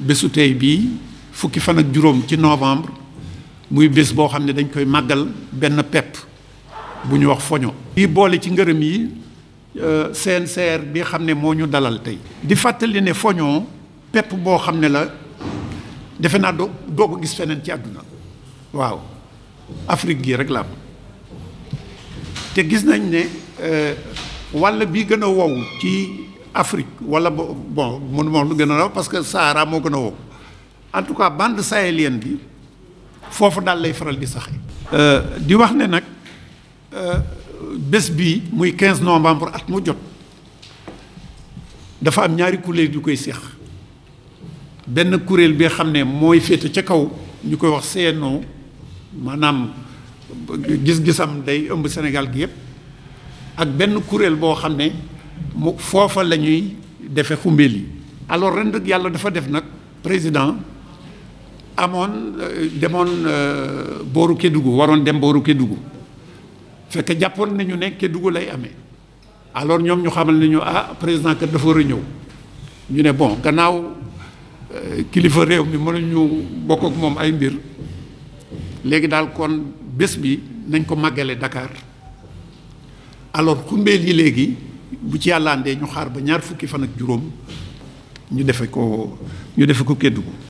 bésu tey bii fukki fan ak juróom ci novembre muy bés boo xam ne dañ koy màggal benn pepp bu ñu wax foño yi boole ci ngërëm yi euh, CNCR bi xam ne moo ñu dalal tey di fàttali ne foño pepp boo xam ne la defe naa doo doo ko gis feneen ci àdduna waaw Afrique gi rek la te gis nañ ne euh, wàll bi gën a wow ci Afrique wala bon mënu ma lu gën a raw parce que Sahara moo gën a wow en tout cas bande sahélienne bi foofu daal lay faral di saxe euh, di wax ne nag euh, bés bii muy quinze 15 novembre at mu jot dafa am ñaari kuréel yu koy seex benn kuréel bi xam ne mooy féete ca kaw ñu koy wax seenoo maanaam gis-gisam day ëmb Sénégal gi yëpp ak benn kuréel boo xam ne mu foofa la ñuy defe xumbeel yi alors ren nag yàlla dafa def nag président amoon euh, demoon euh, booru Kédougou waroon dem booru Kédougou fekk jàppoon nañu ne Kédougou lay amee alors ñoom ñu xamal nañu ah président kat dafa war a ñëw ñu ne bon gannaaw euh, kilifa réew mi mënuñu bokk ak moom ay mbir léegi daal kon bés bi nañ ko màggale Dakar alors xumbeel yi léegi bu ci yàllaandee ñu xaar ba ñaar fukki fan ak juróom ñu defe ko ñu defe ko keddu ko